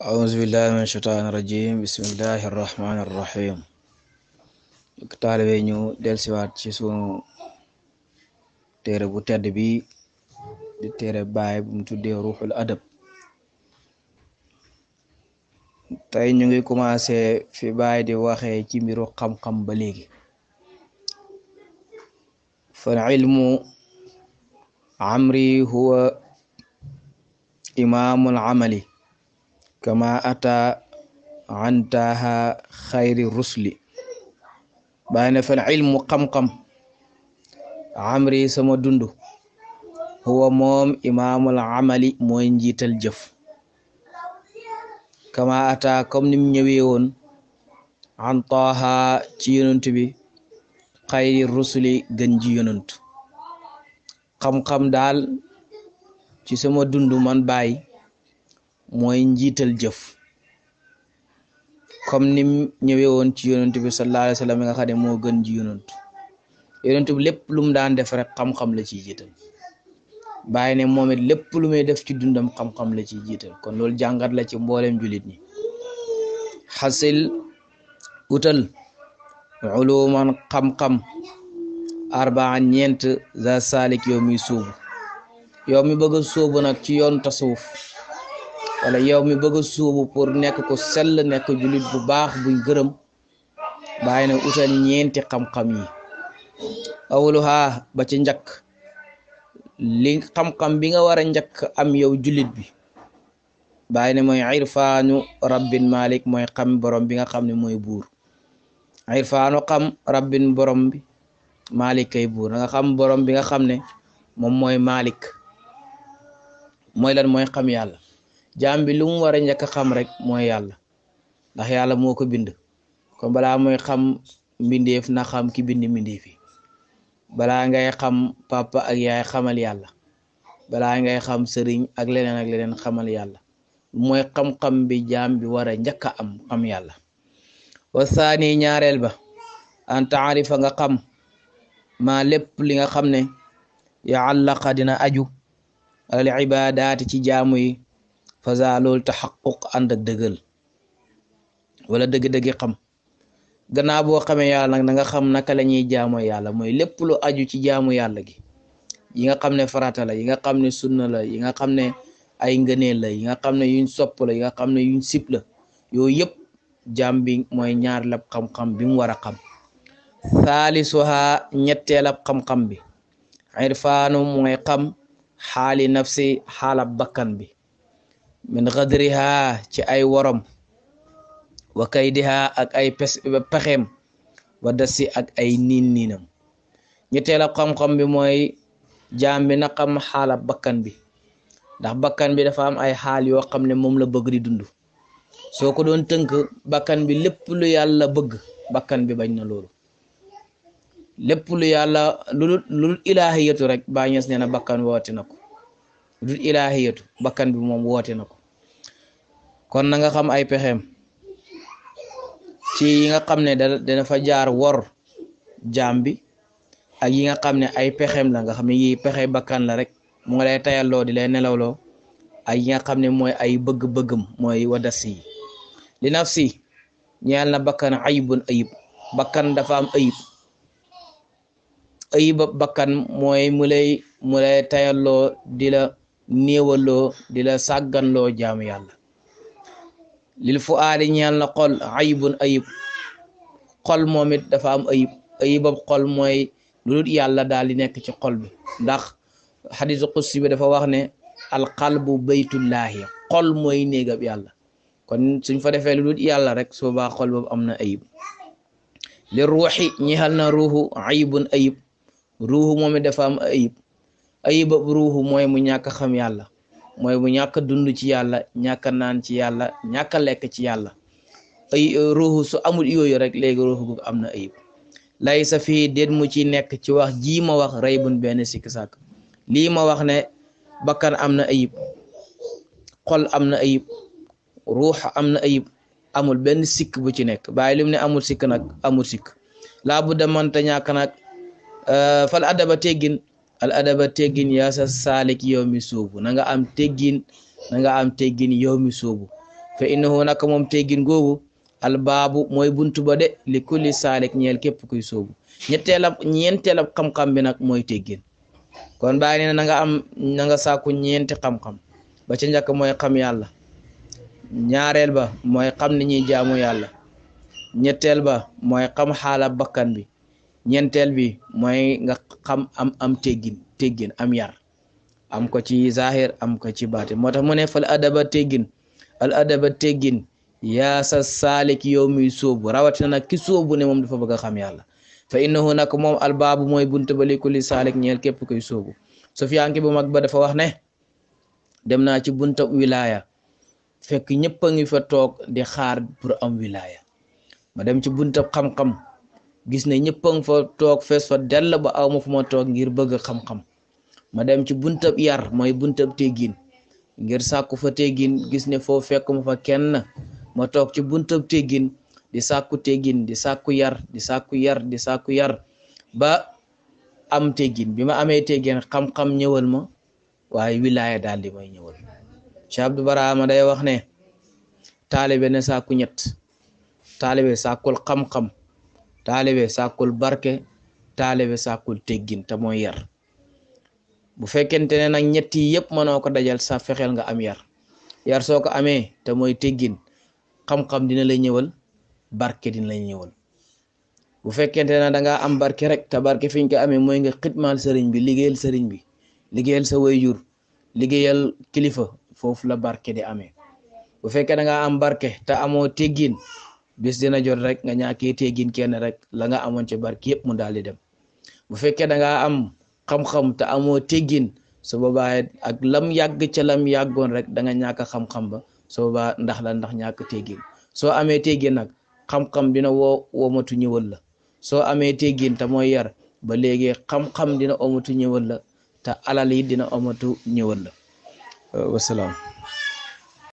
أعوذ بالله من الشيطان الرجيم بسم الله الرحمن الرحيم taalibe ñu delsiwaat ci sunu téere bu tedd bi di téere baay bu mu tuddee ruuxul adab tey ñu ngi commencé fi baay di waxee ci mbiru xam-xam ba léegi fal amri huwa imaamul amali kama ata antaha xayri rusli bàyyi ne fal ilmu xam-xam amri sama dund huwa moom imaamul amali mooy njiital jëf kama ata comme nim ñëwee woon an taaha ci yonent bi xayri rusuli gën ji yonent xam-xam daal ci sama dund man bàyyi mooy njiital jëf comme ni ñëwee woon ci yonent bi sallallahu alayhi wa sallam nga moo gën ji yonent yonent bi lépp lu daan def rek xam-xam la ciy jiital bàyyi ne moom it lépp lu muy def ci dundam xam-xam la ciy jiital kon loolu jàngat la ci mboolem jullit ñi xasil utal uluman xam-xam arbaan ñeent za salik yow mi sóobu yow mi bëgg ci yoon tasawuf wala yow mi bëgg a suubu pour nekk ko sell nekk julit bu baax buy gërëm bàyyi na utal ñeenti xam-xam yi awluha ba ci njëkk li xam-xam bi nga war a njëkk am yow julit bi bàyyi ne mooy irfaanu rabbin bi nga xam ne mooy buur irfaanu xam rabbin borom bi malik kay nga xam borom bi nga xam ne moom mooy malik mooy lan mooy xam yàlla jaam bi lu mu war a njëkk xam rek mooy yàlla ndax yàlla moo ko bind kon balaa mooy xam mbindeef na xam ki bind mbindeef yi balaa ngay xam papa ak yaay xamal yàlla balaa ngay xam sëriñ ak leneen leneen xamal yàlla mooy xam-xam bi jaam bi war a njëkk a am xam yàlla wasaani ñaareel ba an taarifa nga xam maa lépp li nga xam ne yaallaqa dina aju al ibadaati ci jaamu faza loolu taxaquq ànd ak dëggal wala dëgg-dëggi xam gannaaw boo xamee yàlla nag da nga xam naka la ñuy jaamu yàlla mooy lépp loo aju ci jaamu yàlla gi yi nga xam ne farata la yi nga xam ne sunna la yi nga xam ne ay ngëneel la yi nga xam ne yuñ sopp la yi nga xam ne yuñ sib la yooyu yëpp jaam bi mooy ñaar lab xam-xam bi mu war a xam thaalisuha ñetteelab xam-xam bi irfaanu mooy xam xaali nafsi xaalab bakkan bi min xadriha ci ay worom wa kaydiha ak ay pexeem wa dasi ak ay niin niinam ñetteel ak xam-xam bi mooy jaam bi na xam xaala bakkan bi ndax bakkan bi dafa am ay xaal yoo xam ne moom la bëgg di dund soo ko doon tënk bakkan bi lépp lu yàlla bëgg bakkan bi bañ na loolu lépp lu yàlla lu lu ilaahiyatu rek bàñees nee na bakkan woote na ko lu ilaahiyatu bakkan bi moom woote na ko kon na nga xam ay pexeem ci yi nga xam ne dana fa jaar wor jaam bi ak yi nga xam ne ay pexem la nga xam ne yi pexe bakkan la rek mu nga lay tayalloo di lay nelawloo ay yi nga xam ne mooy ay bëgg-bëggam mooy wadas si li nafsi ñeel na bakkan ayibun ayib bakkan dafa am ayib ayiba bakkan mooy mu lay mu lay tayalloo di la néewaloo di la sàgganloo jaamu yàlla lil fu aadi ñeel na xol ayibun ayib xol moom it dafa am ayib ayibab xol mooy lu dul yàlla daal di nekk ci xol bi ndax xadisu qudsi bi dafa wax ne alqalbu baytullaahi xol mooy néegab yàlla kon suñ fa defee lu dul yàlla rek su boobaa xol boobu am na ayib li ruuxi ñeexal na ruuxu ayibun ayib ruuxu moom dafa am ayib ayibab ruuxu mooy mu ñàkk xam yàlla mooy bu ñàkk a dund ci yàlla ñàkk naan ci yàlla ñàkk a lekk ci yàlla ay euh, ruuxu su amul yooyu rek léegi ruuxu gu am na ayib lay sa fii déet mu ci nekk ci wax ji ma wax rey bun benn sikk sàkk lii ma wax ne bakkan am na ayib xol am na ayib ruux am na ayib amul benn sikk bu ci nekk bàyyi lim ne amul sikk nag amul sikk laa bu demante ñàkk nag euh, fal adaba teggin al adaba teggin yaa sa saalik yow mi soobu am teggin na nga am teggin yow mi soobu fa innahu moom teggin googu albaabu baabu mooy buntu ba de li kulli saalik ñeel képp kuy soobu ñetteelab ñeenteelab xam-xam bi nag mooy teggin kon baa nee na am nanga nga sàkku ñeenti xam-xam ba ca njëkk mooy xam yàlla ñaareel ba mooy xam ni ñuy jaamu yàlla ñetteel ba moy xam xaala bakkan bi ñeenteel bi mooy nga xam am am teggin teggin am yar am ko ci zahir am ko ci baatin moo tax mu ne fal adaba teggin al adaba teggin yaa sa saalik yow mi sóobu rawatina nag ki sóobu ne moom dafa bëgg a xam yàlla fa innahu nag moom albaabu mooy buntu ba li kulli saalik ñeel képp koy sóobu sofiyanke bu mag ba dafa wax ne dem naa ci bunta wilaya fekk ñëpp a ngi fa toog di xaar pour am wilaya ma dem ci bunta xam-xam gis ne ñëpp fa toog fees fa dell ba aw ma fu ma toog ngir bëgg xam-xam ma dem ci buntab yar mooy buntab teggin ngir sàkku fa tegin gis ne foo fekk ma fa kenn ma toog ci buntab teggin di sàkku tegin di sàkku yar di sàkku yar di sàkku yar ba am teggin bi ma amee tegin xam-xam ñëwal ma waaye wilaaya daal di may ñëwal Cheikh Abdou Barahama day wax ne taalibe ne sàkku ñett taalibe sàkkul xam-xam taalibe sàkkul barke taalibe sàkkul teggin te mooy yar bu fekkente ne nag ñett yi yëpp mënoo ko dajal sa fexeel nga am yar yar soo ko amee te mooy teggin xam-xam dina la ñëwal barke dina la ñëwal bu fekkente ne danga am barke rek te barke fi ñu ko amee mooy nga xitmaal sëriñ bi liggéeyal sëriñ bi liggéeyal sa wayjur liggéeyal kilifa foofu la barke di amee bu fekkee dangaa am barke te amoo teggin bis dina jot rek nga ñàkkee teggin kenn rek la nga amoon ci barke yëpp mu daal di dem bu fekkee da ngaa am xam-xam te amoo teggin su boobaa ak lam yàgg ca lam yàggoon rek da nga ñàkk xam ba su boobaa ndax la ndax ñàkk teggin soo amee teggin nag xam-xam dina woo womatu ñëwal la soo amee teggin te mooy yar ba léegi xam-xam dina omatu ñëwal la te alal yi dina omatu ñëwal la